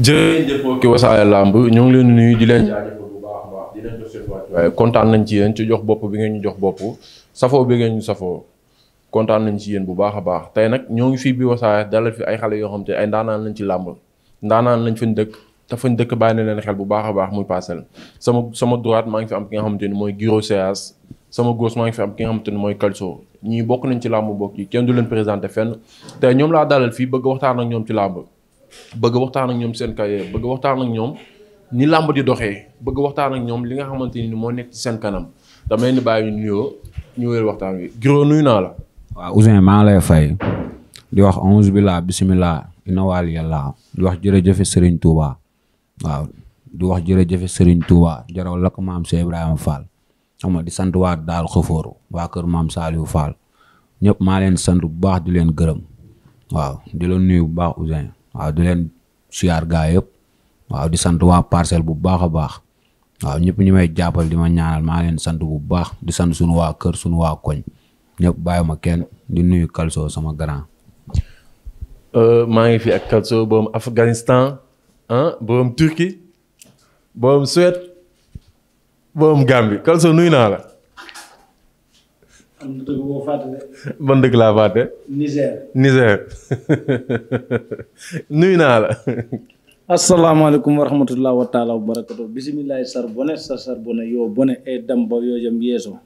jërëjëf mbokki wasaare làmb ñoo ngi leen di nuyu di leen waaye kontaan nañ ci yeen ci jox bopp bi ngeen ñu jox bopp safoo bi ngeen ñu safoo kontaan nañ ci yéen bu baax a baax tey nag ñoo ngi fii bi wasaare dalal fi ay xale yoo xam te ay ndaanaan lañ ci làmb ndaanaan lañ fañ dëkk te fañ dëkk bàyyi na leen xel bu baax a baax muy Parcelles sama sama droite maa ngi fi am ki nga xamante ni mooy Giro Seras sama gauche maa ngi fi am ki nga xamante ni mooy Calcio ñii bokk nañ ci làmb bokk yi kenn du leen présenté fenn tey ñoom laa dalal fii bëgg waxtaan ak ñoom ci làmb bëgg waxtaan ak ñoom seen carrière bëgg waxtaan ak ñoom ni làmb di doxee bëgg waxtaan ak ñoom li nga xamante ni moo nekk ci seen kanam damay ni bàyyi ñu nuyoo ñu waxtaan wi Giro nuyu naa la. waaw Ouzin maa lay fay di wax onze billah bisimilah inna waal yàlla di wax jërëjëf Serigne Touba waaw di wax jërëjëf sëriñ Touba jaraw la ko maam Cheikh Ibrahima Fall xam nga di sant waa daal xëfóoru waa kër maam Saliou Fall ñëpp maa leen sant bu baax di leen gërëm waaw di waaw du leen siyaar gaa yëpp waaw di sant waa parcelle bu baax a baax waaw ñëpp ñu may jàppal di ma ñaanal maa leen sant bu baax di sant suñu waa kër suñu waa koñ ñëpp bàyyi ma kenn di nuyu Kalso sama grand. Euh, maa ngi fi ak Kalso borom Afghanistan ah borom Turquie borom Suède borom bi Kalso nuyu naa la. am na dëkk boo fàtte laa fàtte. Niger. nuyu naa la. asalaamaaleykum wa rahmatulah wa taala wa sar bone sar sar bone yoo bone e dam ba yoo jam yeeso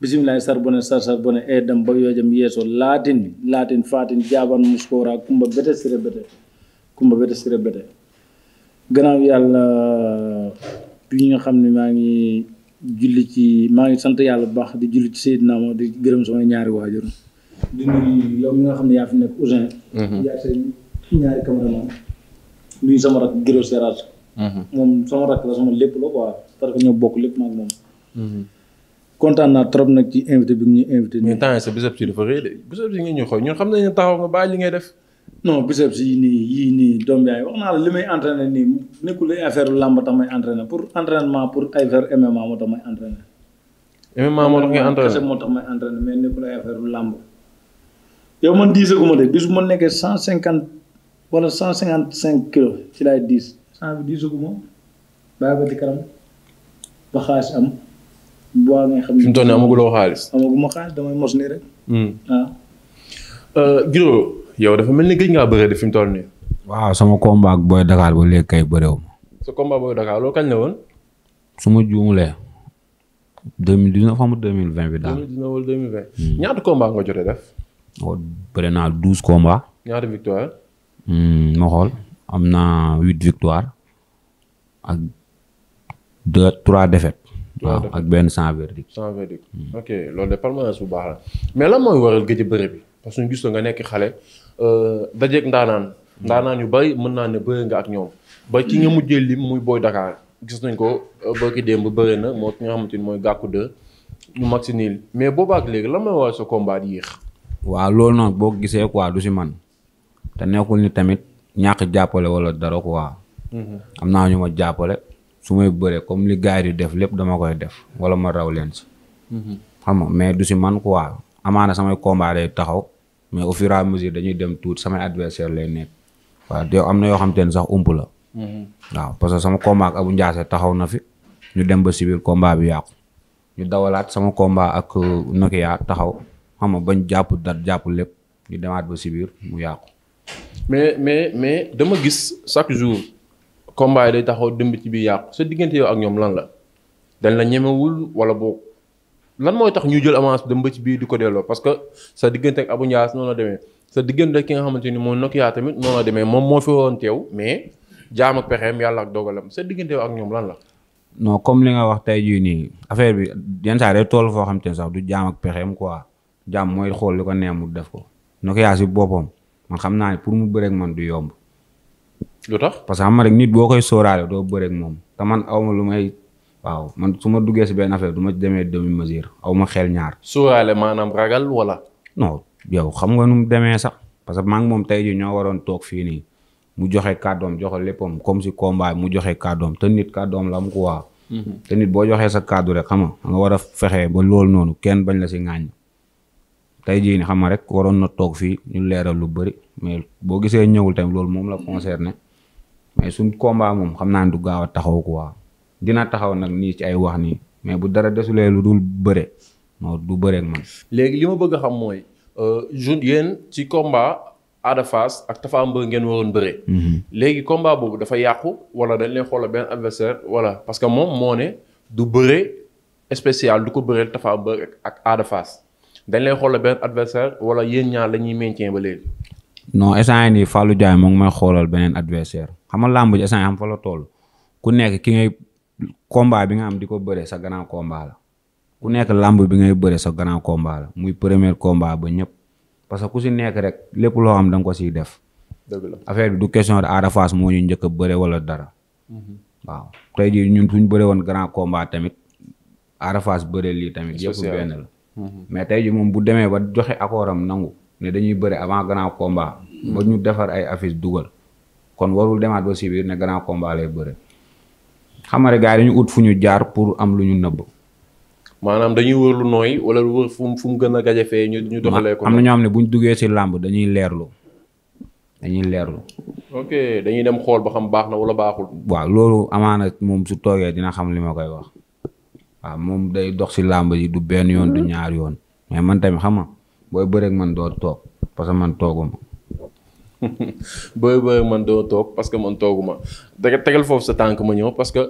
bisimilahi sar bone sar sar bone e dam ba yoo jam yeeso laatin laatin faatin jaaban muskoora kumba bete sire bete kumba bete sire bete gannaaw yàlla bi nga xam ne maa ngi. julli ci maa ngi sant yàlla bu baax di julli ci Seydina mo di gërëm sama ñaari waajur di nuyu yow mi nga xam ne yaa fi nekk Ousin. Mhm. yaa sa ñaari cameraman nuyu sama rakk Giro Serage. Mhm. moom sama rakk la sama lépp la quoi parce que ñoo bokk lépp maag moom. Mhm. kontaan trop nag ci invité bi ñu invité. ñu temps sa bisab si dafa rëy de bisab si nga ñu xool ñun xam nañ ne taxaw nga bàyyi li ngay def. non biceps yii nii yii nii doom yaay wax naa la li may entraîné nii nekkul affaire làmb tax may entraîné pour entraînement pour ay affaire MMA moo tax may entraîné. MMA moo tax ngay entraîné kese mais nekkul ay affaire làmb. yow man diisagu ma de bis ma nekkee cent cinquante wala cent cinquante cinq kilos ci laay diis. cent bi diisagu ma bàyyi kanam ba xaalis am. bu waa nga xam ne fi mu toll nii amaguloo xaalis. amaguma xaalis damay mos nii rek. Hmm. yow dafa mel ni gëj ngaa bëree de fi mu toll nii. waaw sama combat ak Boy Dakar ba léegi kay bëreew ma. sa combat Boy Dakar su ma juumulee. deux mille dix neuf xam deux mille vingt bi daal. deux mille dix neuf wala deux mille vingt. Hmm. ñaata oh, victoire. Hmm, ma am naa huit victoire ak deux trois défaites. waaw ak benn sans verdict. sans verdict hmm. ok loolu de palmarès bu baax la mais lan mooy waral gëj a bi parce que ñu gis nga nekk xale. Euh, dajeeg ndaanaan ndaanaan yu bari mën naa ne bëri nga ak ñoom ba ki nga mujjee lim muy Boy dakaar gis nañ ko euh, bërki démb bëri na moo ki nga xamante ni mooy gàkku de ñu mag si niil mais boobaak léegi la may waral sa combat yéex waaw loolu noonu boo gisee quoi du si man te nekkul ni tamit ñàkk jàppale wala dara quoi mm-hmm. am naa ñu ma jàppale su may bëree comme li gars yi di def lépp dama koy def wala ma raw leen si mm-hmm. xam nga mais du si man quoi amaana samay combat day taxaw mais au fur et à mesure dañuy dem tuuti samay adversaire lay nekk. waaw te am na yoo xam te ne sax ump la. Mhm. waaw parce que sama combat ak Abu Ndiassé taxaw na fi ñu dem ba si biir combat bi yàqu. ñu dawalaat sama combat ak euh, Nokia taxaw xam nga bañ jàpp dat jàpp lépp ñu demaat ba si biir mu yàqu. mais mais mais dama gis chaque jour combat yi day taxaw dëmb ci biir yàqu sa diggante yow ak ñoom lan la dañ la ñemewul wala boog lan mooy tax ñu jël avance dem ba ci biir di ko delloo parce que sa diggante ak Abou Ndiass noonu la demee sa diggante ki nga xamante ni mooy Nokia tamit noonu la demee moom moo fi woon teew mais jaam ak pexeem yàlla ak sa diggante ak ñoom lan la. noo comme li nga wax tey jii nii affaire bi yenn saa day toll foo xam te ne sax du jaam ak pexeem quoi jaam mooy xool li ko neex mu def ko Nokia si boppam man xam naa ne pour mu bëreeg man du yomb. lu tax parce que xam nga rek nit boo koy sóoraale doo bëreeg moom te man awma lu may. waaw man su ma duggee si benn affaire du demee demi mesure aw ma xel ñaar. suuraale maanaam ragal wala. non yow xam nga nu mu demee sax parce que maa moom tey jii ñoo waroon toog fii nii mu joxe kàddoom joxe léppam comme si combat mu joxe kàddoom te nit kàddoom la mu ko waa. te nit boo joxee sa kàddu xam nga war a fexe ba loolu noonu kenn bañ la si ŋaañ. jii ni xam nga rek waroon na toog fii ñu leeral lu bëri mais boo gisee ñëwul tamit loolu moom la concerné mais suñ combat moom xam naa du gaaw a taxaw quoi. dina taxaw nag nii ci ay wax nii mais bu dara desulee lu dul bëre moo du bëreeg man. léegi li ma bëgg a xam mooy euh, jour yéen ci combat Ada Fass ak Tapha Mbeur ngeen waroon bëre. Mhm. léegi combat boobu dafa yàqu wala dañ leen xoolal benn adversaire wala parce que moom moo ne du bëre spécial du ko bëreel Tapha Mbeur ak Ada Fass dañ leen xoolal benn adversaire wala yéen ñaar la ñuy maintien ba léegi. non instant nii Fallou Diagne moo ngi may xoolal beneen adversaire xam nga làmb ji xam fa la toll ku nekk ki ngay combat bi nga am di ko bëre sa grand combat la ku nekk làmb bi ngay bëre sa grand combat muy premier combat ba ñëpp parce que ku si nekk rek lépp loo am da nga ko siy def. du question de Ada Fass moo ñu njëkk a wala dara. Mhm. waaw tey jii ñun suñ bëre woon grand tamit Ada Fass lii tamit. yëpp mhm. mais tey jii moom bu demee ba joxe accordam nangu ne dañuy bëre avant grand combat. ba ñu defar ay affiche dugal kon warul demaat ba si biir ne lay bëre. xam nga gars yi dañu ut fu ñu jaar pour am lu ñu nëbb. maanaam dañuy wër lu nooy wala lu wër fu mu gën a gajafee ñu ñu doxalee ko. am na ñoo xam ne bu ñu duggee si làmb dañuy leerlu dañuy leerlu. ok dañuy dem xool ba xam baax na wala baaxul. waaw loolu amaana moom su toogee dina xam li ma koy wax waaw moom day dox si làmb yi du benn yoon du ñaar yoon mais man tamit xam nga booy bëreeg man doo toog parce que man tooguma booy booy man doo toog parce que man tooguma dëgg tegal foofu sa tànk ma ñëw parce que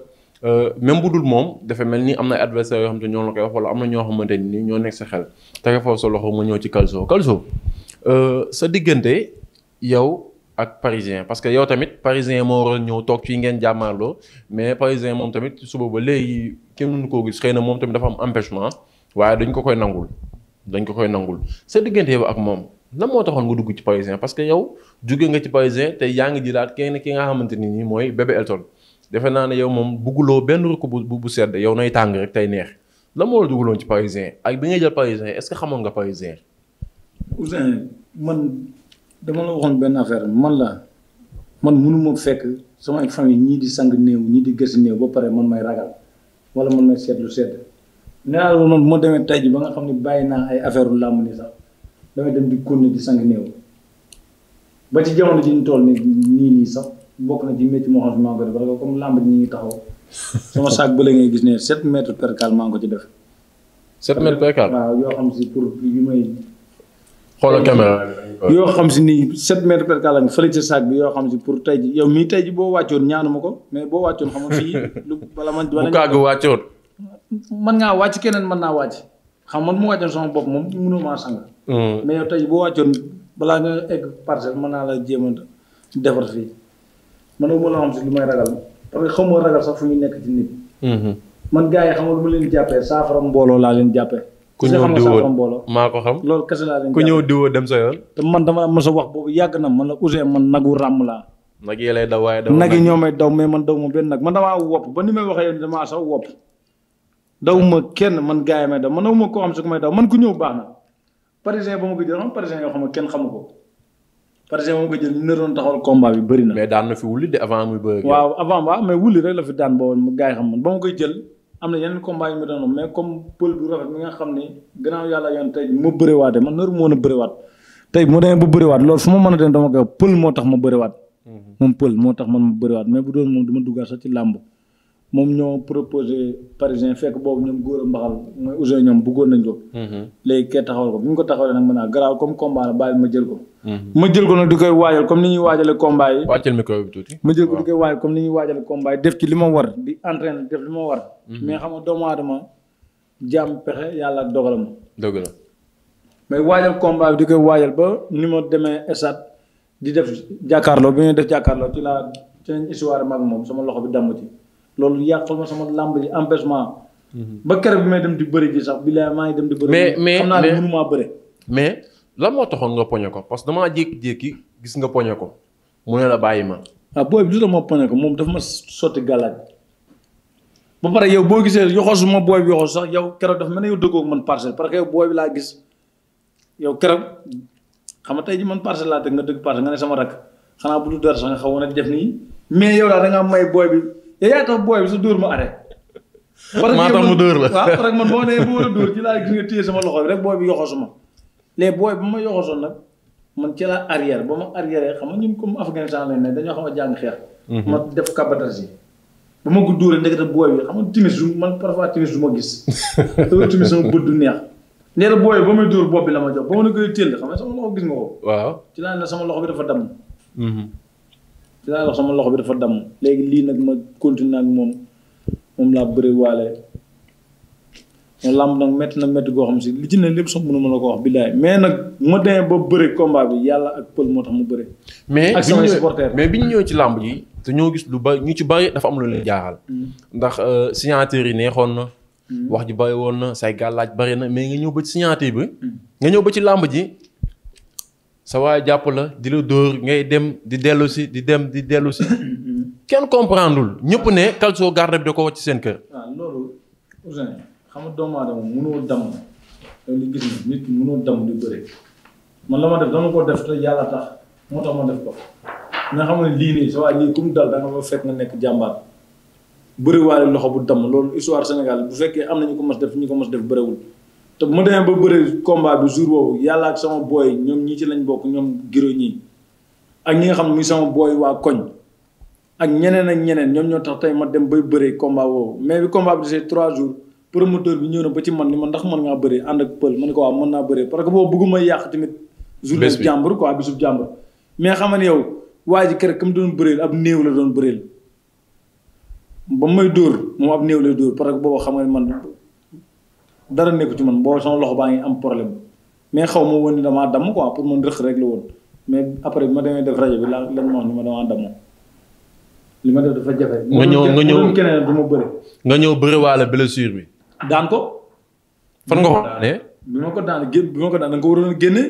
euh, même bu dul moom dafa mel ni am na adversaire yoo xam te ñoo am na ñoo xamante ni ñoo nekk sa xel tegal foofu sa loxo ma ñëw ci Calcio Calcio euh, sa diggante yow ak parisien parce que yow tamit parisien moo waroon ñëw toog fii ngeen jàmmaarloo mais parisien moom tamit suba ba léegi kenn mënu koo gis xëy na moom tamit dafa am empêchement waaye dañ ko koy nangul dañ ko koy nangul sa diggante yow ak moom. lan moo taxoon nga dugg ci parisien parce que yow jóge nga ci parisien te yaa ngi jëlaat kenn ki nga xamante ni nii mooy bébé Elton defe naa ne yow moom bugguloo benn rukk bu bu sedd yow nay tàng rek tey neex la moo la duggaloon ci parisien ak bi ngay jël parisien est-ce que xamoon nga parisien. Ouzin man dama la waxoon benn affaire man la man mënuma fekk sama ay famille ñii di sang néew ñii di gëstu néew ba pare man may ragal wala man may seetlu sedd nee naa la man bu tey ji ba xam ne bàyyi naa ay affaire làmb ni sax. damay dem di continuer di sang néew ba ci jamono ji ñu toll nii nii sax mbokk na ci métier moo xam ne maa ngi ko def parce que comme làmb ji ñu ngi taxaw sama saak bële ngay gis ne 7 mètres per cale maa ngi ko ci def. 7 mètres per cale waaw yoo xam si pour yu may. xoolal xam si nii 7 mètres per cale lañ fële ci saak bi yoo xam si pour tey ji yow mii tey ji boo wàccoon ñaanu ma ko mais boo wàccoon xam nga fii lu bala man. bu kàgg wàccoon. mën ngaa wàcc keneen mën naa wàcc. xam man mu wàccoon sama bopp moom mënoo maa sang. Hmm. mais yow tey boo wàccoon balaa nga egg parcelle mën naa la jéem a defar xam si lu may ragal parce que xamuma ragal sax fu ñu nekk ci nit. Hmm. man gars yi xam nga lu ma leen jàppee saafara mbooloo laa leen jàppee. ku ñëw diwoo maa ko xam loolu kese laa leen ku ñëw diwoo dem sa yoon. te man dama la mos a wax boobu yàgg na man la Ouzin man nag wu ràmm laa. nag yi lay daw waaye daw nag yi ñoo may daw mais man daw ma benn nag man damaa wopp ba ni may waxee yow damaa sax wopp daw ma kenn man gars yi may daw man daw ma koo xam su ko may daw man ku ñëw baax na parisien ba ma ko jël xam parisien yoo xam ne kenn xamu ko parisien combat bi bëri na. mais daan na fi wuli de avant muy bëri. waaw avant waaw mais wuli rek la daan boobu ma koy am na yeneen combat mais comme nga xam ne gannaaw yàlla yoon tey ma bëriwaatee man nëru ma woon a bëriwaat tey bu ma demee ba bëriwaat loolu fu ma mën a dem dama koy pël moo tax ma bëriwaat. Mhm. moom pël moo tax man ma bëriwaat mais bu doon moom dama duggaat sax ci làmb moom ñoo proposé parisien fekk boobu ñoom góor a mbaxal mooy Ousseynou ñoom bëggoon nañ ko. Mhm. léegi kee taxawal ko bi ñu ko taxawalee nag mën a ah garaaw comme combat la bàyyi ma jël ko. Mhm. ma jël ko nag di koy waajal comme ni ñuy waajale combat yi. wàccal micro bi tuuti. ma jël ko di koy waajal comme ni ñuy waajale combat yi def ci li ma war di entraîner def li ma war. Mhm. mais xam nga doomu aadama jàmm pexe yàlla dogalam. dëgg la mais waajal combat bi di koy waajal ba ni ma demee Esat di def jàkkaarloo bi ñuy def jàkkaarloo ci laa seen histoire mag moom sama loxo bi damm ci loolu yàqal ma sama làmb ji empêchement. Mhm. ba keroog bi may dem di bëri ji sax bilaay maa ngi dem di bëri. mais mais xam naa ne mënu maa bëre. mais lan moo taxoon nga poñe ko parce que damaa jékki-jékki gis nga poñe ko mu la bàyyi ma. waaw ah, booy bi du la ma poñe ko moom dafa ma sotti galaaj ba pare yow boo gisee yoxosu ma booy bi yoxosu sax yow keroog dafa mel ne yow dëggoo man parcelle parce que yow booy bi laa gis yow keroog xam nga tey ji man parcelle laa teg nga dëgg parcelle nga ne sama rakk xanaa bu du dara sax nga xawoon a def nii mais yow daal da may booy bi. yow yaa tax booy bi sa dóor ma arrêté. maa tax mu dóor la waaw rek man boo nee bu dóor ci laa gis nga téye sama loxo bi rek booy bi yoxosu ma léegi booy bi ma yoxosoon nag man ci laa arrière ba ma arrière xam nga ñun comme Afghanistan lañ ne dañoo xam a jàng xeex. Mhm. ma def kabatas yi. ma ko dóoree ndekete bi xam nga timis du man parfois ma gis. loolu timis sama bët du neex. nee na booy bi ba muy dóor bopp bi la ma jox ba ma ne koy téel sama loxo gis nga ko. waaw ci laa ne sama loxo bi dafa damm. Mhm. ci laa la sama loxo bi dafa damm léegi lii nag ma continuer ak moom moom laa bëri waale moom làmb nag métti na métti goo xam si li ci ne lépp sax mënu ma la ko wax billaay mais nag ma demee ba bëri combat bi yàlla ak pël moo tax mu bëri. ak samay supporters mais bi ñu ñëwee ci làmb ji te ñoo gis lu bari ñu ci bari dafa am lu leen jaaxal. Mm. ndax euh, signataires yi neexoon na. Mm. wax ji bari woon na say gàllaaj bari na mais nga ñëw ba ci signature bi. Mm. nga ñëw ba ci làmb ji. sawaa jàpp la di la dóor ngay dem di dellu si di dem di dellu si kenn comprendreul ñëpp ne Calcio garde bi da ko wàcc seen kër. waaw ah, loolu Ousin xam nga doomu aadama mënoo damm li gis na nit mënoo damm di bëre man la ma def dama ko def te yàlla tax moo tax ma def ko nga xam ne lii nii sa waay kum dal da nga fa fekk nga nekk jàmbaar. bëriwaale loxo bu damm loolu histoire Sénégal bu fekkee am na ñu ko mos def ñu ko mos def bëriwul. te bu ma demee ba bëre combat bi jour boobu yàlla ak sama booy ñoom ñii ci lañ bokk ñoom giro ñii ak ñi nga xam ne muy booy waa koñ ak ñeneen ak ñeneen ñoom ñoo tax tey ma dem bay bëree combat boobu mais bi combat bi desee trois jours promoteur bi ñëw na ba ci man ni man ndax mën ngaa bëree ànd ak pël ko waaw mën naa bëree parce que boobu bëgguma yàq tamit journée jàmbur quoi bisub jàmbur mais xam nga ne yow waa ji kër comme doon bëreel ab néew la doon bëreel ba may dóor moom ab néew lay dóor parce que boobu xam nga man dara nekku ci man boo sama loxo baa ngi am problème mais xaw ma woon ni damaa damm quoi pour man rëq rek la woon mais après bi ma demee def rajo bi la lan ma wax ni ma damaa def dafa jafe. nga ñëw nga ñëw keneen du ma bëri. nga ñëw bëri waale blessure bi. daan ko. fan nga ko daanee. bi ma ko daan génn bi ko daan da ko waroon a génne.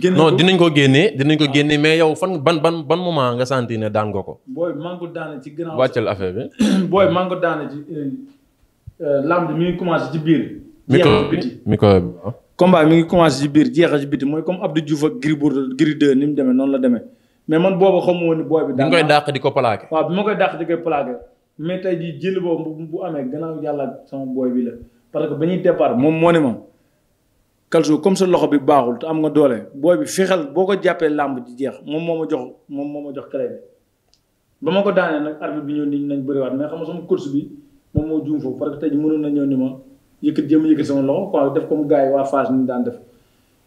génne non dinañ ko génne dinañ ko ah. génne mais yow fan ban ban ban moment nga senti ne daan nga ko. booy bi maa ngi ko affaire bi. booy bi maa ngi ko daane ci euh, euh, lamb bi mi ngi commencé ci biir. jeexal ci biti micro combat mi ngi commencé ci biir jeex jeexal ci biti mooy comme Abdou Diouf ak Gris Bordeaux Gris 2 ni mu demee noonu la demee mais man boobu xamu woon ni booy bi. daal koy dàq di ko plaqué. waaw bi ma koy dàq di koy tey jii jël boobu bu amee gannaaw yàlla sama booy bi la parce que ba ñuy départ moom moo ne ma Kalso comme sa loxo bi baaxul te am nga doole booy bi fexeel boo ko jàppee làmb ji jeex moom moo ma jox moom moo ma jox clé bi ba ma ko daanee nag arbitre bi ñëw nit nañ bëriwaat mais xam nga sama course bi moom moo juum foofu na ñëw ni ma yëkkat jéem a yëkkat sama loxo quoi def ko gars yi waa Fass ni daan def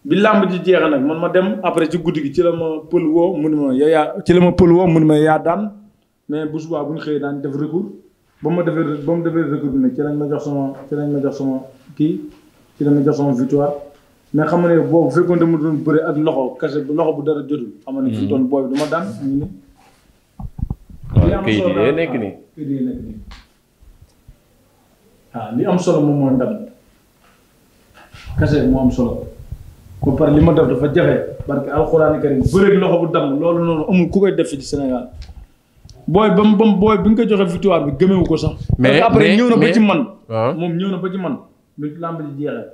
bi làmb ji jeex nag man ma dem après ci guddi gi ci la ma pël woo mun ma yaa ci la ma pël woo mun ma yaa daan mais bu subaa bu ñu xëyee daan def recours ba ma defee ba mu defee recours bi nag ci lañ ma jox sama ci lañ ma jox sama kii ci lañ ma jox sama victoire mais xam nga ne boobu fekkoon dama doon bëre ak loxo kese loxo bu dara jotul. xam nga ne fi doon booy bi du ma daan. ñu ne. waaw ne yi waaw ah, li am solo moom moo ndam kese moo am solo ba pare li ma def dafa jafe barke alxuraani karim bëreeg loxo bu damm loolu noonu amul ku koy def fii ci Sénégal booy ba mu ba mu booy bi nga ko joxe victoire bi gëmewu ko sax. mais après ñëw na ba ci man. moom ñëw ba ci man lu làmb ji jeexee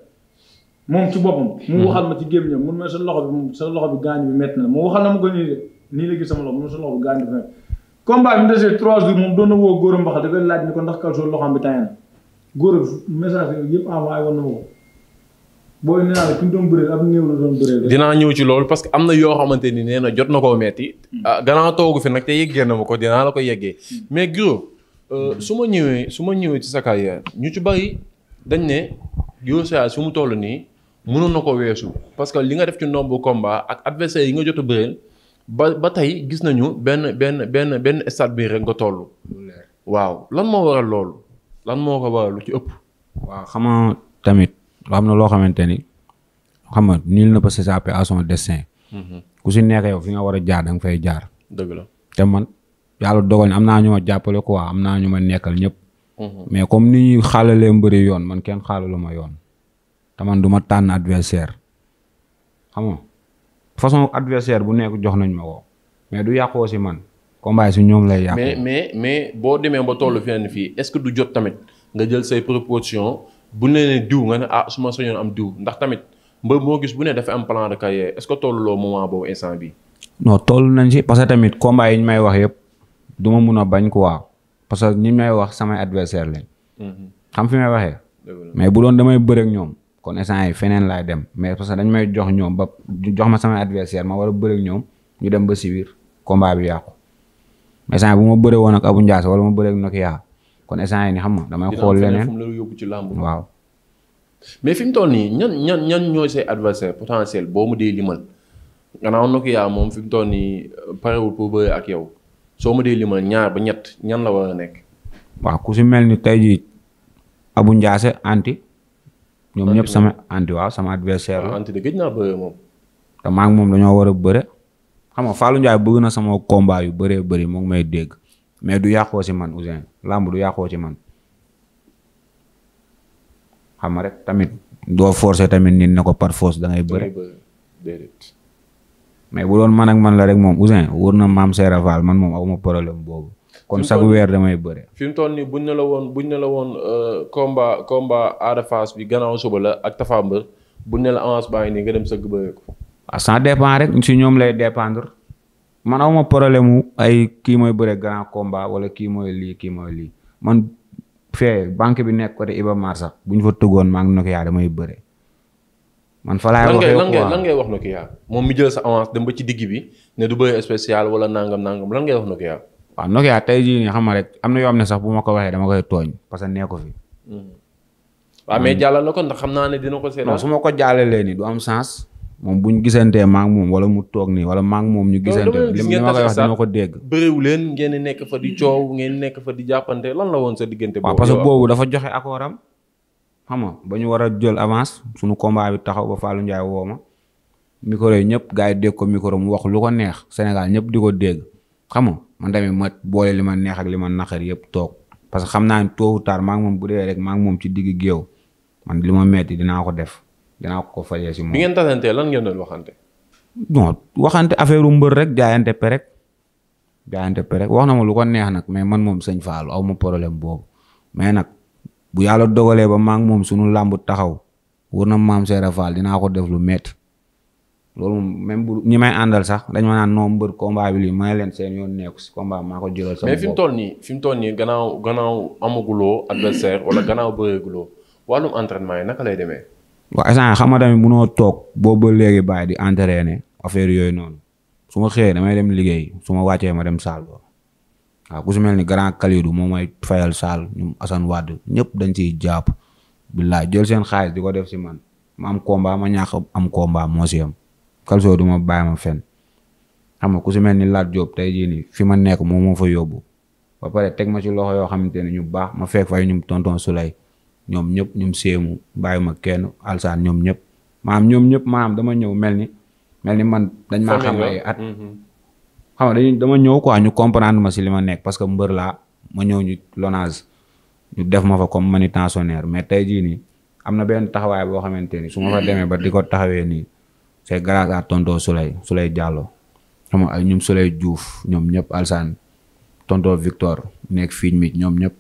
moom ci boppam. mu hmm. waxal ma ci géem sa loxo bi sa loxo bi gaañ bi métti na mu waxal na ma ko nii de nii la gis sama loxo mun sa loxo bi gaañ bi métti. combat bi mu desee trois jours moom doon na woo góor a mbaxal dafay laaj ni ko ndax kalsoo loxoom bi tàyyee na góor dinaa ñëw ci loolu parce que am na yoo xamante ni nee na jot na koo metti hmm. ah, gannaaw toogu fi nag te yeggee na ma ko dinaa la ko yeggee hmm. mais Giro euh, hmm. su ma ñëwee su ma ñëwee ci sa carrière ñu ci bari dañ ne Giro Soya su mu toll nii mënoon na ko weesu parce que li nga def ci nombre komba ak adversaire yi nga jot a bëreel ba ba tey gis nañu benn benn benn benn stade bi rek nga toll. waaw lan moo waral loolu. lan moo ko waral lu ci ëpp. waaw xam tamit tamit am na loo xamante ni xam nga nul ne peut s'échapper à son destin. Mhm. ku si nekk yow fi nga war a jaar da nga fay jaar. dëgg la te man yàlla dogal na am naa ñu ma jàppale quoi am naa ñu ma nekkal ñëpp. Mhm. mais comme ni ñuy xaalalee mbëri yoon man kenn xaalalu ma yoon. te man duma ma tànn adversaire xam nga façon adversaire bu nekk jox nañ ma ko mais du yàqoo si man. combat yi su ñoom lay yàq. mais mais boo demee ba tollu fenn fii est-ce que du jot tamit nga jël say proposition bu ne ne diw nga ne ah su ma soñoon am diw ndax tamit mba moo gis bu ne dafa am plan de carrière est-ce que tolluloo moment boobu instant bi non tollu nañ si parce que tamit combat yi ñu may wax yëpp du ma mun a bañ quoi parce que ñi may wax samay adversaire lañ. Mm-hmm. xam fi may waxee. mais bu doon damay bëreek ñoom. kon instant yi feneen laay dem mais parce que dañ may jox ñoom ba jox ma samay adversaire ma war bëreek ñoom ñu dem ba si biir bi yàqu. instant bu ma bëree woon ak abu Ndiass wala ma bëree ak Nokia kon instant yi ni xam nga damay xool leneen waaw. mais fi mu toll nii ñan ñan ñan ñooy say adversaire potentiel boo ma dee limal gannaaw Nokia moom fi mu toll nii euh, parewul pour bëree ak yow soo ma dee limal ñaar ba ñett ñan la war a nekk. waaw ku si mel ni tey jii abu njaase anti. ñoom ñëpp sama anti waaw sama adversaire la. anti de gëj naa bëree moom. te maa moom dañoo war a bëre. xam nga Fallou Ndiaye bëgg na sama combat yu bëree bëri mu ngi may dégg mais du yàqoo si man Ouzin làmb du yàqoo ci man xam nga rek tamit doo forcer tamit nit ne ko par force da ngay bu doon man ak man la rek moom Ouzin wóor na maam Serap Fall man moom awma problème boobu. kon chaque weer damay bëre. fi mu toll nii buñ ne la woon buñ ne la woon euh, combat combat Ada Fass bi gannaaw suba la ak Tapha Mbeur buñ ne la avance baa ngi nii nga dem sëgg bëree ko. Ah, ça dépend rek si ñoom lay dépendre man awma problème mu ay kii mooy bëre grand combat wala kii mooy lii kii mooy lii man fee banque bi nekk côté Iba Mar sax bu ñu fa tëggoon maa ngi Nokia damay bëre man fa laay waxee lan ngay lan moom mi jël sa avance dem ba ci digg bi ne du bëre spécial wala nangam nangam lan ngay wax Nokia. waaw Nokia tey jii nii xam nga rek am na yoo am ne sax bu ma ko waxee dama koy tooñ parce que nee fi. Hmm. waaw mais jàllal na moom bu ñu gisantee maa moom wala mu toog nii wala maa moom ñu gisante li ma koy wax ko dégg bëréew leen ngeen nekk fa di coow ngeen nekk fa di jàppante lan la woon sa diggante boobu waaw parce que boobu dafa joxe accordam xam ba ñu war a jël avance suñu combat bi taxaw ba Fallou Ndiaye woo ma micro yi ñëpp gars yi dégg ko micro mu wax lu ko neex Sénégal ñëpp di ko dégg xam nga man tamit ma boole li ma neex ak li ma naqar yëpp toog parce que xam naa ne tôt ou maa ngi bu dee rek maa ngi moom ci digg géew man li ma metti dinaa ko def dinaa ko fajee si moom. bi ngeen tasantee lan ngeen doon waxante. non waxante affaire mbër rek jaayante pe rek jaayante rek wax na ma lu ko neex nag mais man moom sëñ Fallou aw ma problème boobu mais nag bu yàlla dogalee ba maa moom sunu làmb taxaw wër na maam Seera Fall dinaa ko def lu loolu même bu ñi may àndal sax dañ ma naan noo mbër combat bi lii may leen seen yoon nekku si combat maa ko jëlal sama bopp mais fi toll nii fi mu toll nii gannaaw gannaaw amaguloo adversaire wala gannaaw bëreeguloo wàllum entraînement yi naka lay demee. waaw instant xam nga tamit toog boobu ba léegi bàyyi di ne affaire yooyu noonu su ma xëyee damay dem liggéey su ma wàccee ma dem saal ba waaw ku si mel ni grand Kalidou moom mooy fayal saal ñoom Assane Wade ñëpp dañ ciy jàpp billaay jël seen xaalis di ko def si man ma am combat ma am combat moo si am Kalso du ma bàyyi ma fenn xam nga ku si mel ni Lat Diop tey jii fi ma nekk moom moo fa yóbbu ba pare teg ma ci loxo yoo xamante ne ñu baax ma fekk fay ñu tonton Souley ñoom ñëpp ñum séemu bàyyuma kenn alsaan ñoom ñëpp maam ñoom ñëpp maam dama ñëw mel ni mel ni man dañ maa xam ay mm-hmm. nga dama ñëw quoi ñu comprendre ma si li ma nekk parce que mbër laa ma ñëw ñu lonage ñu def ma fa comme manutentionnaire mais tey jii nii am na benn taxawaay boo xamante ni su ma fa mm-hmm. demee ba di ko taxawee nii c'est grâce à tonton Souley Souley Diallo xam nga ñum Souley Diouf ñoom ñëpp alsaan tonton Victor nekk fiiñ mi ñoom ñëpp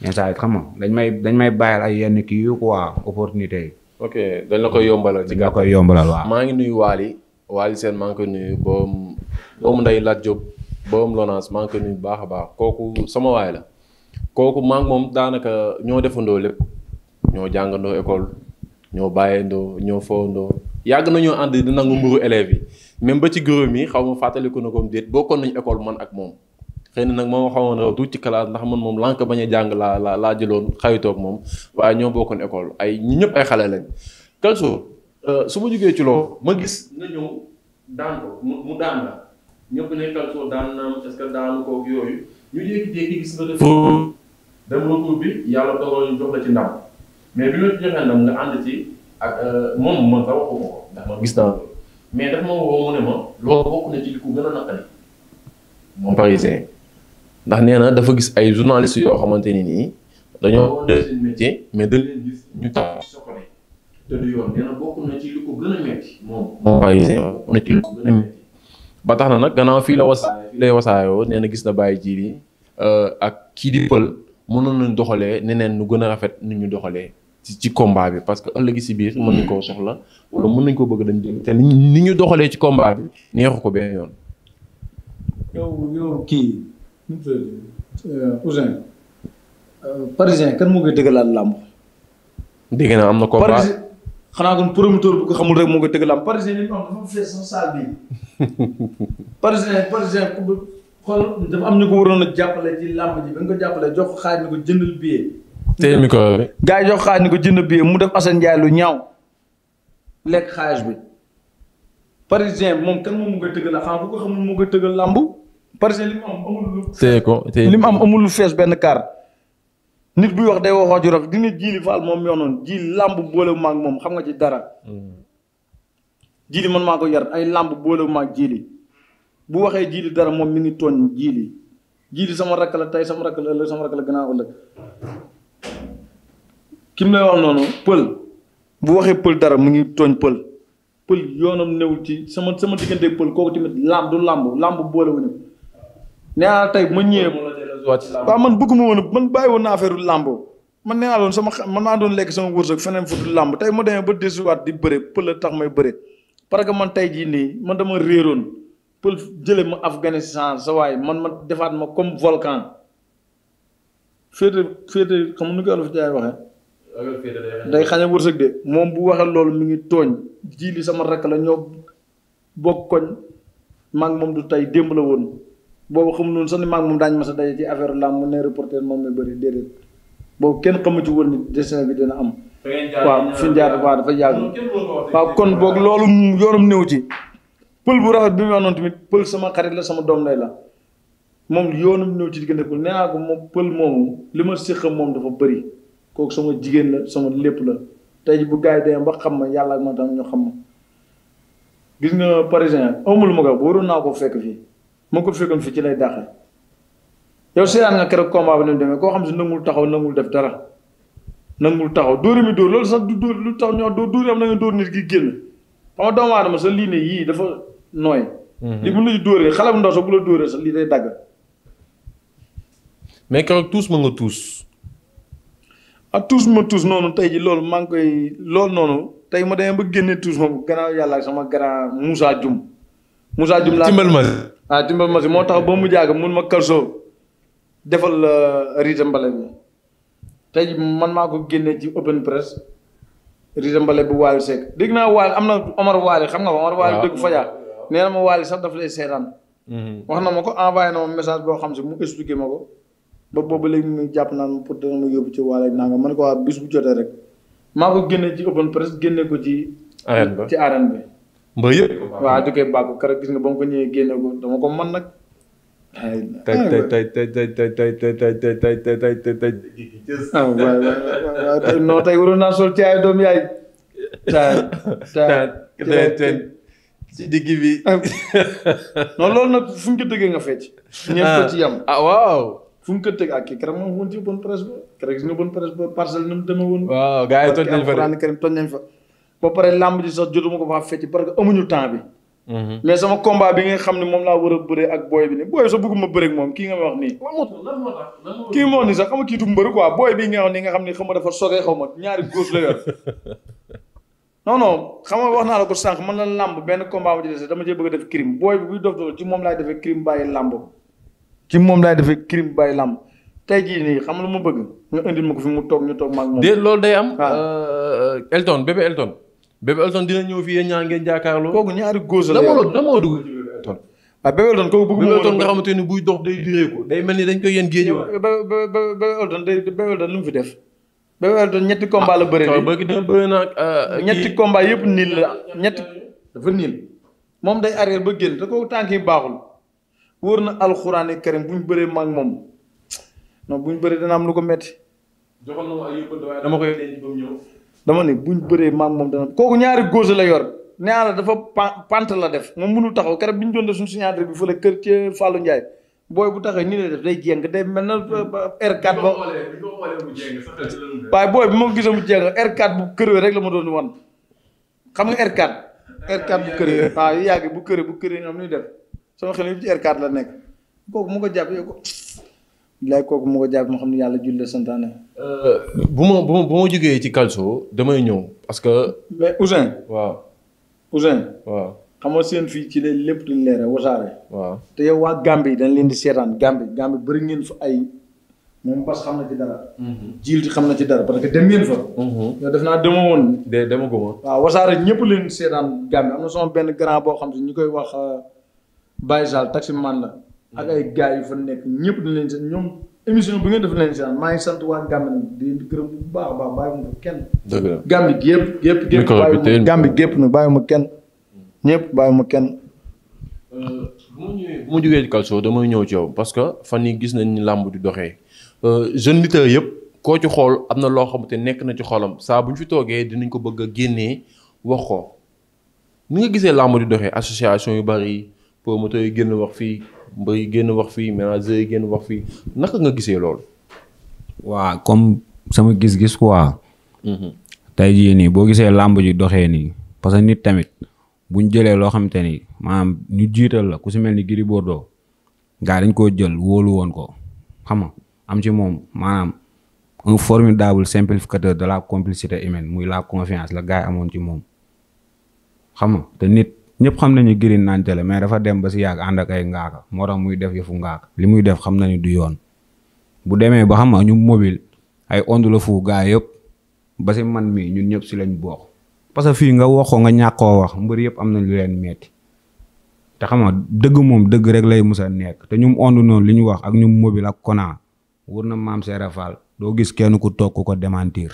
instant yii xam nga dañ may dañ may bàyyil ay yenn kii yu quoi opportunité yi. ok dañ la koy yombalal. ci gàttal dañ koy yombalal waaw. maa ngi nuyu Waly Waly Sène maa ngi koy nuyu boom boom nday Lat Diop boom Lonase maa ngi koy nuyu baax a baax kooku sama waay la kooku maa ngi moom daanaka ñoo defandoo lépp ñoo jàngandoo école ñoo bàyyandoo ñoo fowandoo yàgg nañoo ànd di nangu mburu élève yi même ba ci gërëm yi xaw ma fàttaliku na ko déet bokkoon nañu école man ak moom. xëy na nag moo xawoon raw tuuti ci classe ndax man moom lànk bañ a jàng laa laa jëloon xayitoog moom waaye ñoo bokkoon école ay ñi ñëpp ay xale lañ. Euh, su ma jógee ci ma gis nga ñëw daan ko nga def. bi yàlla dogal ñu jox la ci ndam mais bi ma joxee ndam nga ànd ci ak euh, moom man sax waxuma ko ndax ma gis naa mais daf ma woo ne ma loolu bokk na ci ku gën a naqari moom parisien. ndax nee na dafa gis ay journalistes yoo xamante ni nii dañoo def mais dañ leen gis ñu tax soxla te du na bokk na ci nag gannaaw fii la wasaay lay wasaayoo nee na gis na Baye Djily euh, ak kii di Pël mënoon nañ doxalee neneen nu gën a rafet ni ñu doxalee ci ci combat bi parce que ëllëg si biir mën nañ koo soxla wala mën nañ koo bëgg dañ jël te ni ñu doxalee ci combat bi neexu ko benn yoon Ousin parisien kan moo koy tëggalaat làmb. dégg naa am na combat parisi xanaa kon promoteur bu ko xamul rek moo koy tëgg làmb parisien li am dafa fees sax saal bi parisien parisien xool dafa am ñu ko waroon a jàppale ci làmb ji ba nga ko jàppale jox ko xaaj ni ko jëndal billet. téye micro bi. gars yi jox xaaj ni ko jënd billet mu def Assane Ndiaye lu ñaaw lekk xaaj bi parisien moom kan moom moo koy tëggal xanaa ku ko xamul moo koy tëggal làmb. parce que li mu am amul. ko téye li mu am amul lu fees benn kaar. nit buy wax day waxoo ci rek di nga jiili faal moom yoo noonu ji làmb boolewu maag moom xam nga ci dara. Mm. jiili man maa ko yar ay làmb boolewu maag jiili bu waxee jiili dara moom mi ngi tooñ jiili jiili sama rakk la tey sama rakk la sama rakk la gën a ëllëg. ki lay wax noonu pël bu waxee pël dara mu ngi tooñ pël pël yoonam newul ci sama sama diggante pël kooku tamit làmb du làmb làmb boolewuñu. nee naa tey ma ñëwee. waaw man bëgguma woon man bàyyi woon naa affaire làmb man nee naa doon sama man naa doon lekk sama wërsëg feneen fu dul làmb tey ma demee ba desuwaat di bëre pël tax may bëre parce que man tey jii nii man dama réeroon pël jële ma Afghanistan sa waaye man ma defaat ma comme volcan féete féete xam nu ko olof jaay waxee. day xañ wërsëg de moom bu waxee loolu mi ngi tooñ jii li sama rakk la ñoo bokk koñ maa moom du tey démb la woon. boobu xamu noonu sax ni maag moom daañu mas a daje ci affaire làmb mu ne reporter moom mi bëri déedéet boobu kenn xamu ci woon ni destin bi dina am. waaw fi ñu jaar waaw dafa yàgg. waaw kon boog loolu yoonam néew ci. pël bu rafet bi mu noonu tamit pël sama xarit la sama doom lay la moom yoonam néew ti diggante pël nee moom pël moomu li ma séqam moom dafa bëri kooku sama jigéen la sama lépp la tey bu gars ba xam ma yàlla ak ma tam ñu xam ma gis nga parisien amul ma ko waroon naa ko fekk fii. mu ko fekkoon fi ci lay dàqee yow seetaan nga keroog combat bi ni demee koo xam si nangul taxaw nangul def dara nangul taxaw dóor mi dóor loolu sax du dóor lu tax ñoo dóor dóor am na nga dóor nit ki génn lii ne dafa nooy. Mhm. li mun nañu dóoree xale bu ndaw sax bu la dóoree sax lii day dagg. mais keroog tuus ma nga tuus. ah tuus ma tuus noonu tey ji loolu maa ngi koy loolu noonu tey ma demee ba génne tuus ma gannaaw yàlla ak sama grand musaa Dioum. Moussa Dioum laa timbal ma. ah Timba Massi moo tax ba mu jàgg mun ma Kalso defal euh, Rita Mbale bi tey man maa ko génnee ci open press Rita Mbale bu Waly Seck dégg naa Waly am na Omar Waly xam nga fa Omar Waly dëgg Fadia nee na ma Waly sax daf lay seetaan. Mhm. wax na ma ko envoyé na message boo xam si mu expliqué ma ko ba boobu léegi mu jàpp naa naan pour dana mu yóbbu ci Waly nanga man ko waa bis bu jotee rek maa ko génne ci open press génne ko ci. arène ci arène bi. mbër yëpp. waaw du koy bàggu keroog gis nga ba mu ko ñëwee génne ko dama ko mën nag. tey tey tey tey tey tey tey tey tey tey tey tey tey tey tey. ah waay waay waay non waroon naa sol ci ay yaay. taa taa tey bi. loolu nag fu ñu ko nga fecc. ñëpp ko ci yam. ah waaw. fu mu ko teg ak kii keroog moom woon ci bonne presse ba keroog gis nga bonne presse ba parcelle ni mu demee woon. waaw toj nañ fa de nañ fa. ba pare làmb ji sax jotuma ko faa fecc parce que amuñu temps bi. Mhm. mais sama combat bi nga xam ne moom laa war a bëree ak booy bi nii booy bi sax bëgguma bëreeg moom kii nga ma wax nii. kii moo ni sax xam nga kii du mbër quoi booy bii nga wax nii nga xam ne xam nga dafa sogee xaw ma ñaari góos la yor. non non xam nga wax naa la ko sànq man la làmb benn combat ma ci dese dama cee bëgg a def crime booy bi buy dof dof ci moom laay defee crime bàyyi làmb moom laay defee crime bàyyi làmb tey jii nii xam nga ma bëgg nga indil ma ko fi mu toog ñu toog ma ak loolu day am. Ah. Euh, Elton bébé Elton. Bébé Elton dina ñëw fii yéen ñaa ngeen jàkkaarloo. kooku ñaari góos la yow dama la dugg. ah Bébé Elton kooku bëgg nga xamante ni buy dox day diree ko day mel ni dañ koy yéen géej wa. Bébé Elton day Bébé Elton lu mu fi def. Bébé ñetti combat la bëri. Ah, waaw bëgg na euh, ñetti combat yëpp niil la ñetti. dafa niil moom day arrière ba génn te kooku tànk yi baaxul. wóor na alxuraani karim bu ñu bëree mag moom non bu ñu bëree dana am lu ko metti ay yëpp waaye dama koy dama bu buñ bëree maam moom dana kooku ñaari góose la yor nee la dafa pant la def moom mënul taxaw keroog bi ñu doon def suñu signature bi fële kër ci Fallou Ndiaye booy bu taxaw nii lay def day jéng day mel na euh, R4 ba waaye booy bi ma ko gisee mu jéng R4 kër këree rek la ma doon wan xam nga R4 R4 bu këree waaw yu yàgg bu këree bu këree am nuy def sama xel yëpp ci R4 la nekk kooku mu ko jàpp ko laay kooku moo ko jàpp moo xam ne yàlla julli la euh, bu ma bu ma bu ma jógee ci Calcio damay ñëw parce que. mais Ousseyn. waaw Ousseyn. waaw xam nga seen fii ci leen lépp duñ leeral wasaare. waaw te yow waa Gambie dañ leen di seetaan Gambie Gambie bari ngeen fa ay. moom Bas xam na ci mhm. xam na ci dara parce que dem ngeen fa. Mhm. yow def naa dema woon. de dema guma. waaw wasaare ñëpp leen seetaan Gambie am na sama benn grand boo xam si ñu koy wax euh, Baye Sall taximan la. ak ay gars yu fa nekk ñëpp dañ leen seen ñoom émission bi ngeen def leen seen maa ngi sant waa Gambie nag di gërëm bu baax a baax bàyyi ma kenn. dëgg la Gambie gi yëpp yëpp yëpp bàyyi Gambie gi yëpp nag bàyyi ma kenn ñëpp bàyyi ma kenn. Euh, bu ma ñëwee bu ñëw ci yow parce que fan yi gis nañ ni làmb di doxee euh, jeune lutteur yëpp koo ci xool am na loo xamante nekk na ci xolam saa bu ñu toogee dinañ ko bëgg a génnee wax ko ni nga gisee làmb di doxee association yu bari promoteurs yu génn wax fii. mbay génn wax fii ménager yi génn wax fii naka nga gisee loolu. waa comme sama gis-gis quoi. Mm-hmm. tey jii nii boo gisee làmb ji doxee nii parce que nit tamit buñ jëlee loo xamante ni maanaam ñu jiital la ku si mel ni Gris Bordeaux gars dañ koo jël wóolu woon ko xam nga am ci moom maanaam un formidable simplificateur de la complicité humaine muy la confiance la gars amoon ci moom xam te nit. ñëpp xam nañu Gris nañtele mais dafa dem ba si yàgg ànd ak ay ngaaka moo tax muy def yëfu ngaaka li muy def xam nañu du yoon bu demee ba xam ñu mobile ay Onde Le Fou gaa yëpp ba si man mii ñun ñëpp si lañ bokk parce que fii nga waxoo nga ñàkkoo wax mbër yëpp am nañu leen metti te xam nga dëgg moom dëgg rek lay musa nekk te ñum Onde noonu li ñu wax ak ñum mobile ak Kona wër na maam Serap Fall doo gis kenn ku toog ku ko démentir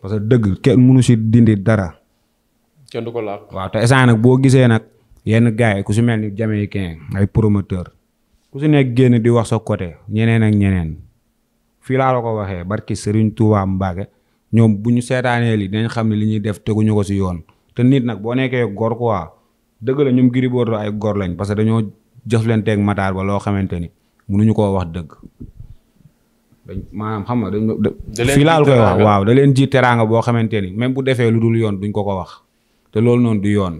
parce que dëgg kenn mënu si dindi dara. kenn du ko waaw te instant nag boo gisee nag yenn gars yi ku si mel ni jamaïcain ay promoteur ku si nekk génn di wax sa côté ñeneen ak ñeneen fii laa ko waxee barki Serigne Touba Mbacke ñoom bu ñu seetaanee li dañ xam ne li ñuy def teguñu ko si yoon te nit nag boo nekkee gor quoi dëgg la ñoom Gris Bordeaux ay lañ parce que dañoo jëflanteeg Matar ba loo xamante ni mënuñu koo wax dëgg. maanaam xam nga dañ. fii laa la koy waaw da leen ji teraanga boo xamante ni même bu defee lu dul yoon duñ ko ko wax. te loolu noonu du yoon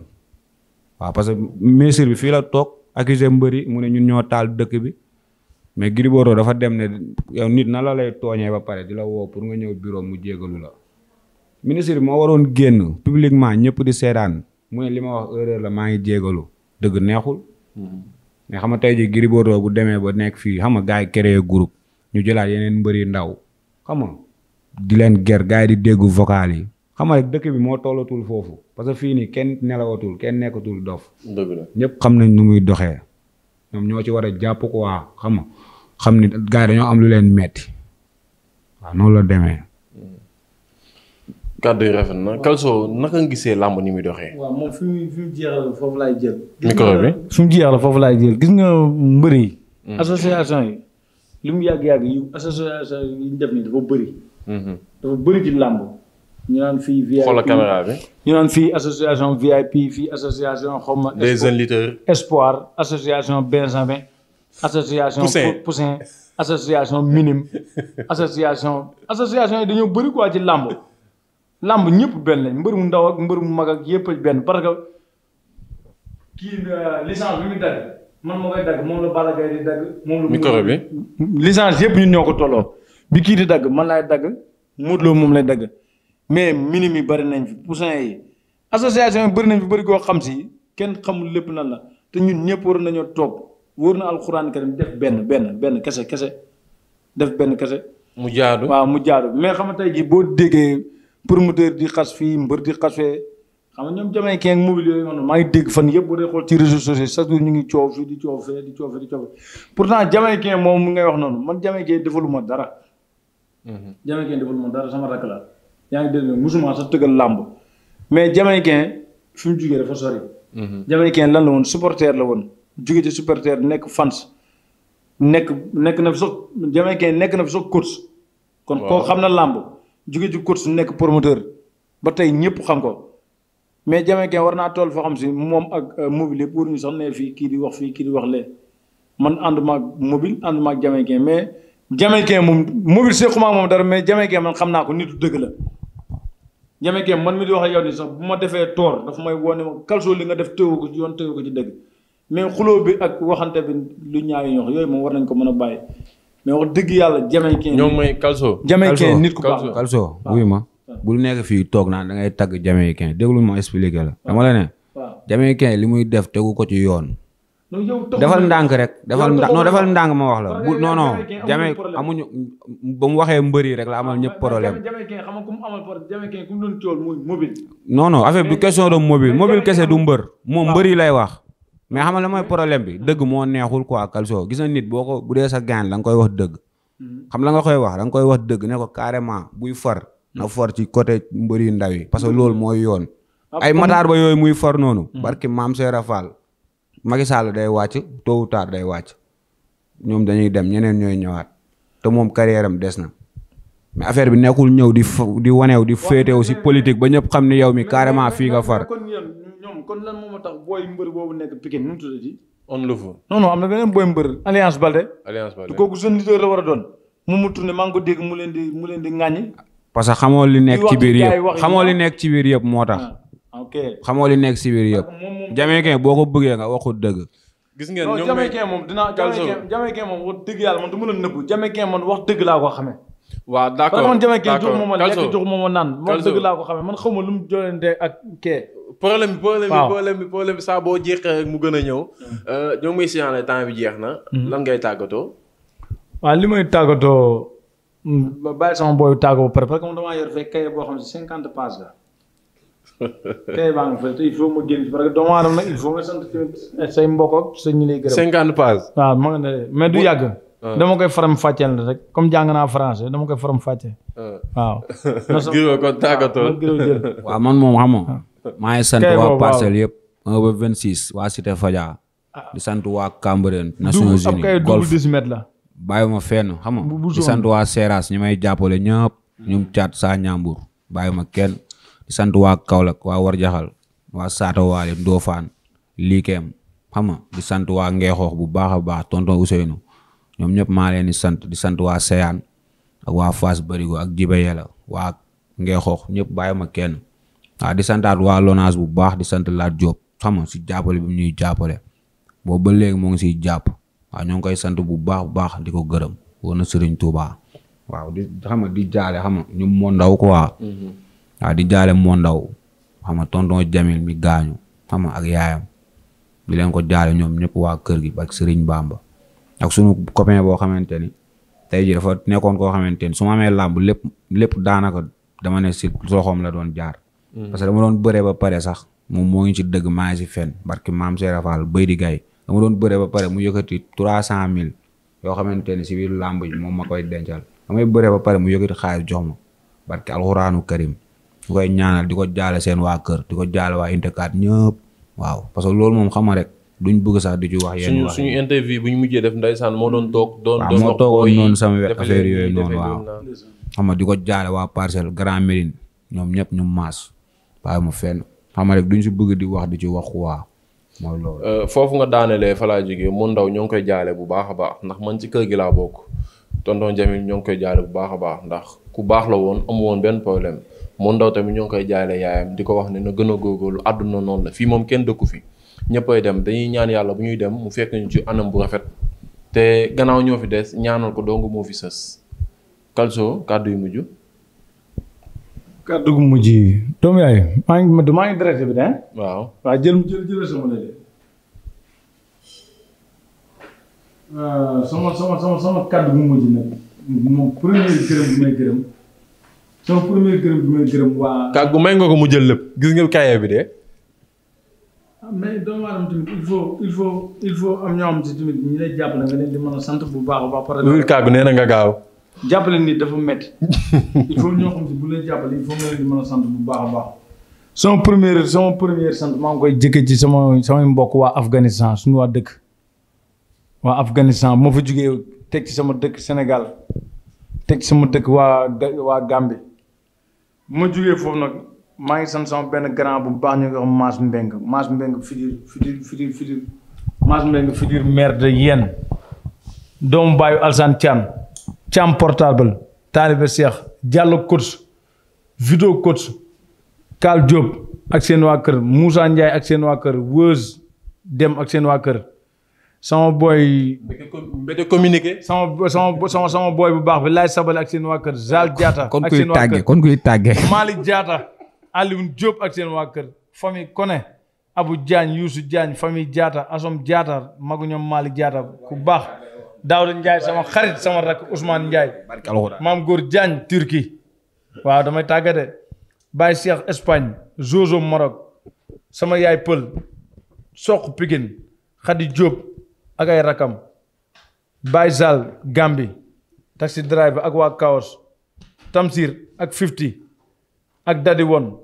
waaw parce que ministre bi fii la toog accusé mbëri mu ne ñun ñoo taal dëkk bi mais griboto dafa dem ne yow nit na la lay tooñee ba pare di la woo pour nga ñëw bureau mu jégalu la ministre bi moo waroon génn publiquement ñëpp di seetaan mu ne li ma wax erreur la maa ngi jégalu dëgg neexul mm-hmm. mais xam nga tey ji Gris bu demee ba nekk fii xam nga gars yi créé groupe ñu jëlaat yeneen mbëri ndaw xam di leen ger gars di déggu vocal yi xam nga dëkk bi moo tollatul foofu parce fii nii kenn nelawatul kenn nekkatul dof. dëgg xam nañ nu muy doxee. ñoom ñoo ci war a jàpp ko waa xam ni gars yi dañoo am lu leen metti waaw noonu la demee. Hmm. kàddu yi rafet na Kalso naka nga gisee làmb ni muy doxee. waaw moom fi foofu laay jël. micro bi fi mu jeexal foofu laay jël gis nga mbër yi. Hmm. association yi li mu yàgg-yàgg yi association yi ñu def nii dafa bëri. Hmm. dafa bëri ci làmb. ñu naan fii VIP xoolal caméra bi. ñu naan fii association VIP fii association xaw des jeunes lutteurs. association Benjamin. association Poussin association minime association. association yi dañoo bëri quoi ci làmb. lamb ñëpp benn lañ mbër mu ndaw ak mbër mu mag ak yëpp benn parce que kii euh, licence bi muy dagg man moo koy dagg moom la Balla Gaye di dagg. moom la micro bi. licence yëpp ñun ñoo ko tolloo bi kii di dagg man lay dagg Modou Lo moom lay dagg. mais minime yi bëri nañ fi poussin yi association yi bëri nañ fi bëri koo xam si kenn xamul lépp nan la te ñun ñëpp war nañoo toog wóor na alxuraan karim def benn benn benn kese kese def benn kese. mu jaadu waaw mu jaadu mais xam nga tey jii boo déggee promoteur di xas fii mbër di xas fee xam nga ñoom jamay keng mobile yooyu noonu maa ngi dégg fan yëpp boo dee xool ci réseaux sociaux ñu ngi coow di coow fee di di coow fee pourtant jamay keng moom mu ngay wax noonu man jamay keng defaluma dara. Mhm. jamay keng defaluma dara sama rakk la. yaa ngi dégg musuma sax tëggal làmb mais jamaïcain fi mu jugee dafa sori. Mhm. jamaïcain lan la woon supporter la woon jugee ci supporter nekk fans nekk nekk na fi sax jamaïcain nekk na fi sax coach. kon koo xam na làmb jugee ci coach nekk promoteur ba tey ñëpp xam ko. mais jamaïcain war naa tool foo xam si moom ak euh, mobile pour ñu sax ne fii kii di wax fii kii di wax lee man ànduma ak mobile ànduma ak jamaïcain mais jamaïcain moom mobile seexuma moom dara mais jamaïcain man xam naa ko nitu dëgg la Jame Kem man mi di wax ak yow ni sax bu ma defee toor dafa may wone ma Kalso li nga def teewu ko ci yoon teewu ko dëgg mais xuloo bi ak waxante bi lu ñaawi ñox yooyu moom war nañ ko mën a bàyyi mais wax dëgg yàlla Jame Kem. ñoom mooy Kalso. Jame Kem nit ku baax Kalso wuyu ma. bul nekk fii toog naan da ngay tagg Jame Kem déglu ma la. dama la ne. waaw Jame li muy def tegu ko ci yoon. defal ndànk rek defal ndànk non defal ndànk ma wax la bu non non amuñu ba mu waxee mbëri rek la amal ñëpp problème non non affaire bi question de mobile mobile kese du mbër moom mbëri lay wax mais xamal la mooy problème bi dëgg moo neexul ak Kalso gis na nit boo ko bu dee sa gaan la nga koy wax dëgg hmm. xam la nga koy wax da nga koy wax dëgg ne ko carrément buy far na hmm. far ci côté mbëri ndaw yi parce que hmm. loolu mooy yoon ay mataar ba yooyu muy far noonu barki maam Seera Fall Macky day wàcc tôt ou day wàcc ñoom dañuy dem ñeneen ñooy ñëwaat te moom carrière des na mais affaire bi nekkul ñëw di di waneew di féetew si politique ba ñëpp xam ni yow mi carrément fii nga far. kon ñoom kon lan moo tax booy mbër boobu nekk Pikine nu mu tuddati. on le am na beneen booy mbër. alliance Balde. alliance kooku jeune la war a doon. mu mu tourné maa ngi ko dégg mu leen di mu leen di ŋàññi. parce que xamoo li nekk ci biir yëpp xamoo li ah. nekk ci biir yëpp moo tax. Ah. ok xamoo li nekk si biir yëpp. Jamaïcain boo ko bëggee nga waxut dëgg. gis ngeen ñoom Jamaïcain moom dinaa Jamaïcain moom wax dëgg yàlla man du ma la nëbbu Jamaïcain man wax dëgg laa ko xamee. waaw d' accord man Jamaïcain jox ma ma lekk naan man dëgg laa ko xamee man xaw ma lu mu jolente ak kee. problème bi problème bi problème bi problème bi saa boo jeexee rek mu gën a ñëw. Hmm. Euh, ñoo ngi may signalé temps bi jeex na. Hmm. lan ngay tàggatoo. waaw li may tàggatoo. bàyyi sama booy tàggatoo ba pare parce que man damaa yor fekk kay boo xam ne cinquante pages la tey baa ngi il faut ma génn parce que doomu aadama cinquante pages. waaw yàgg. dama koy faram fàcceel rek comme jàng naa français dama koy faram fàccee. Ah. waaw. Ah, gërëm man moom xam nga. Ah. maa ngi yëpp. 1 ba 26 waa Cité Fadia. di sant waa Cambérène. Nations Unies golf bàyyi ma fenn xam di sant waa Seras may jàppale ñëpp. ñum caat saa ñaambur bàyyi kenn. di sant waa Kaolack waa Warjaxal waa Saata Waale Ndofaan Likeem xam nga di sant waa Ngeexoox bu baax a baax tonton Ousseynou ñoom ñëpp maa leen di sant di sant waa Seyaan ak waa Fass Barigo ak Jiba Yela waa Ngeexoox ñëpp bàyyi ma kenn waaw di santaat waa Lonase bu baax di sant Laat Diop xam nga si jàppale bi ñuy jàppale boobu ba léegi moo ngi siy jàpp waaw ñoo ngi koy sant bu baax bu baax di ko gërëm woon na Serigne waaw di xam di jaale xam ñu moo ndaw quoi. Mm-hmm. waaw di jaale moo ndaw xam nga tonton Jamil mi gaañu xam nga ak yaayam di leen ko jaale ñoom ñëpp waa kër gi ak Serigne Bamba ak sunu copain boo xamante ni tey jii dafa nekkoon koo xamante ni su ma amee làmb lépp lépp daanaka dama ne si loxoom la doon jaar. Hmm. parce que dama doon bëree ba pare sax moom moo ngi ci dëgg maa ngi si fen barki maam Seera Fall béy di doon bëree ba pare mu yëkkati trois cent mille yoo xamante ni si biir làmb ji moom ma koy dencal damay bëree ba pare mu yëkkati xaalis jox ma barki alxuraanu karim. ñu koy ñaanal di ko jaale seen waa kër di ko jaale waa Intekat ñëpp waaw parce que loolu moom xam nga rek duñ bëgg sax di ci wax. yenn wax suñu interview bu ñu mujjee def ndeysaan moo doon toog. doon doon moo toogoon noonu sama wet affaire yooyu noonu waaw. xam nga di ko jaale waa parcelle Grand Médine ñoom ñëpp ñu maas bàyyi mu fenn xam rek duñ si bëgg di wax di ci wax waa mooy loolu. Euh, foofu nga daanelee fa laa jógee mu ndaw ñoo ngi koy jaale bu baax a baax ndax man ci kër gi laa bokk tonton Jamil ñoo ngi koy jaale bu baax a baax ndax ku baax la woon amu woon benn problème moom ndaw tamit ñoo koy jaay la yaayam di ko wax ne na gën a góorgóorlu àdduna noonu la fii moom kenn dëkku fi ñëppay dem dañuy ñaan yàlla bu ñuy dem mu fekk ñu ci anam bu rafet te gannaaw ñoo fi des ñaanal ko dong moo fi sës Kalso kàddu yu mujj. kàddu gu mujj yi doom yaay maa maa ngi direct bi de. waaw waaw jël jël jël sama euh, sama sama sama sama kàddu gu mujj nag moom premier gërëm bi may gërëm. sama premier gërëm bi may gërëm kàggu may nga ko mu jël lépp gis nga bi de. Ah, faut am ñoo xam si tamit bu baax a baax. par exemple kàggu nee gaaw. jàppale leen di mën a sant bu baax a baax. sama première sama première sant maa koy jëkkee ci sama samay mbokk waa Afghanistan suñu waa dëkk. waa Afghanistan bu ma fa jugee teg ci sama dëkk Sénégal teg ci sama dëkk waa waa bu ma jugee foofu nag maa ngi sant sama benn grand bu baax ñu ngi wax Mass Mbengue Mass Mbengue futur futur futur futur Mass Mbengue futur maire de doomu baayu Alsane Thiam Thiam portable taalibe Cheikh Diallo coach vidéo coach Kaal Diop ak seen waa kër Moussa Ndiaye ak seen waa kër Weuz Dem ak seen waa kër sama booy. mbete communiqué. sama sama sama sama booy bu baax bi Laay Sabal ak seen waa kër Zal Diatta. ak seen waa kër kon kuy tàggee kon kuy tàggee. Malick Diatta Alioune Diop ak seen waa kër famille Koné Abu Diagne Youssou Diagne famille Diatta Asom Diatta magu ñoom Malick Diatta ku baax Daouda Ndiaye sama xarit sama rakk Ousmane Ndiaye. maam góor Diagne Turquie. waaw damay tàggate Baye Cheikh Espagne Zozo Maroc sama yaay Pël Sokh Pikine Khady Diop. ak ay rakam Baye Sall Gambi taxi driver ak waa Kaos Tamsir ak Fifty ak Dadi Won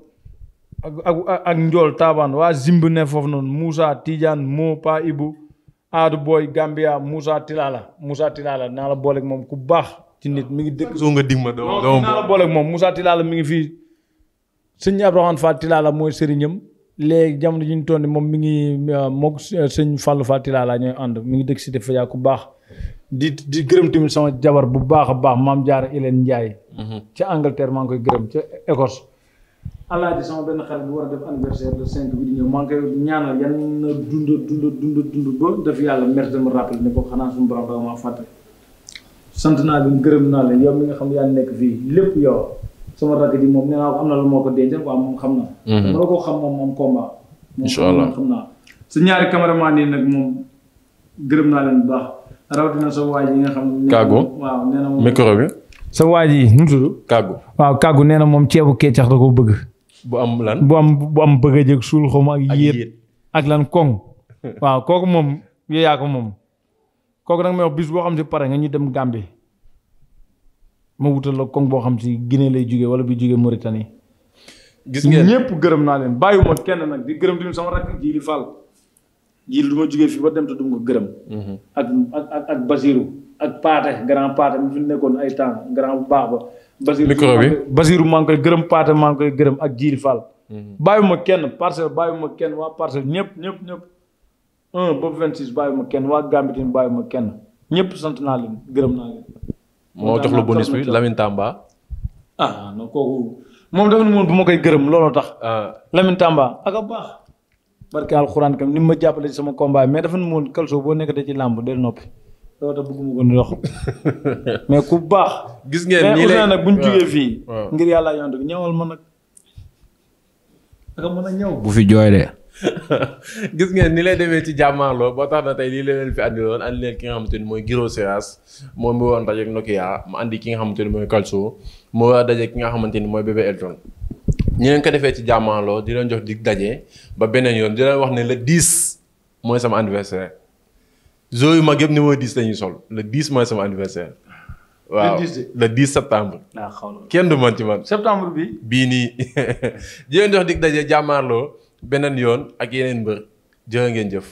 ak ak ak Njool Taabaan waa Zimb ne foofu noonu Moussa Tidiane Mo Pa Ibu Aadu Boy Gambia Moussa Tilala Moussa Tilala naa la booleeg moom ku baax ci nit mi ngi dëkk. soo nga dig ma doo moom Moussa Tilala mi ngi fii sëñ Abdourahmane Fall Tilala mooy sëriñam. léegi jamono ji ñu toll moom mi ngi euh, moo euh, sëñ Fallou Fatila laa ñooy ànd mi ngi dëkk si dafa yaa ku baax di di gërëm tamit sama jabar bu baax a baax maam Diarra Hélène Ndiaye. Mhm. ca Angleterre maa ngi koy gërëm ca Écosse. alaaji sama benn xarit bu war a def anniversaire le cinq bi di ñëw maa ngi koy ñaanal yan na dund dund dund dund ba def yàlla merci de me rappeler ko xanaa suñu borom da maa fàtte. sant naa leen gërëm naa leen yow mi nga xam yaa nekk fii lépp yow. sama rakk ji moom nee naa ko am na lu moo ko dencal quoi moom xam na. Mhm. dama la su ñaari cameraman yi nag moom gërëm naa leen bu baax rawatina sa waay yi nga xam ne. kàggu nee na moom ceebu kecax da ko bëgg. bu am lan bu am bu am suul xaw ak yéet ak lan koŋ. waaw kooku moom yow ko moom kooku nag may bis boo xam si pare nga ñuy dem bi ma wutal la koŋ boo xam si Guinée lay jugee wala bi jugee Mauritanie. gis ngeen ñëpp gërëm naa leen bàyyiwuma kenn nag di gërëm di sama rakk Jili Fall. Jili du ma jugee fii ba dem te du ko gërëm. Mhm. ak ak ak Basirou ak Paate grand Paate mi fi nekkoon ay temps grand bu baax ba. Basirou bi Basirou maa ngi koy gërëm Paate maa ngi koy gërëm ak Jili Fall. Mhm. bàyyiwuma kenn parcelle bàyyiwuma kenn waa parcelle ñëpp ñëpp ñëpp. un ba vingt six bàyyiwuma kenn waa Gambie bàyyiwuma kenn ñëpp sant naa leen gërëm naa moo jox la bon bi Lamine Tamba. ah non kooku moom dafa ne moom bu ma koy gërëm looloo tax. Ah. Lamine Tamba ak a baax. barke alxuraan kam ni ma jàppale sama combat mais dafa ne moom Kalso boo nekkatee ci làmb del noppi. loolu tax mais ku baax. gis ngeen nii lay nag bu ñu jugee fii. ngir yàlla yonent bi ñëwal ma nag. mën ñëw bu fi jooy de. gis ngeen ni lay demee ci jàmmaarloo boo tax na tey lii la leen fi andi woon andi leen ki nga xamante ni mooy Guiro Séras moom mi woon dajeeg Nokia mu ki nga xamante ni mooy Calcio mu war a dajeeg ki nga xamante ni mooy Bébé Elton ñi leen ko defee ci jàmmaarloo di leen jox di daje ba beneen yoon di leen wax ne le 10 mooy sama anniversaire zoo yu mag yëpp ni mooy 10 la sol le 10 mooy sama anniversaire. waaw le 10 septembre. Ah, kenn du man ci man. septembre bi bii nii di leen jox dig daje jàmmaarloo. beneen yoon ak yeneen mbër jërë jëf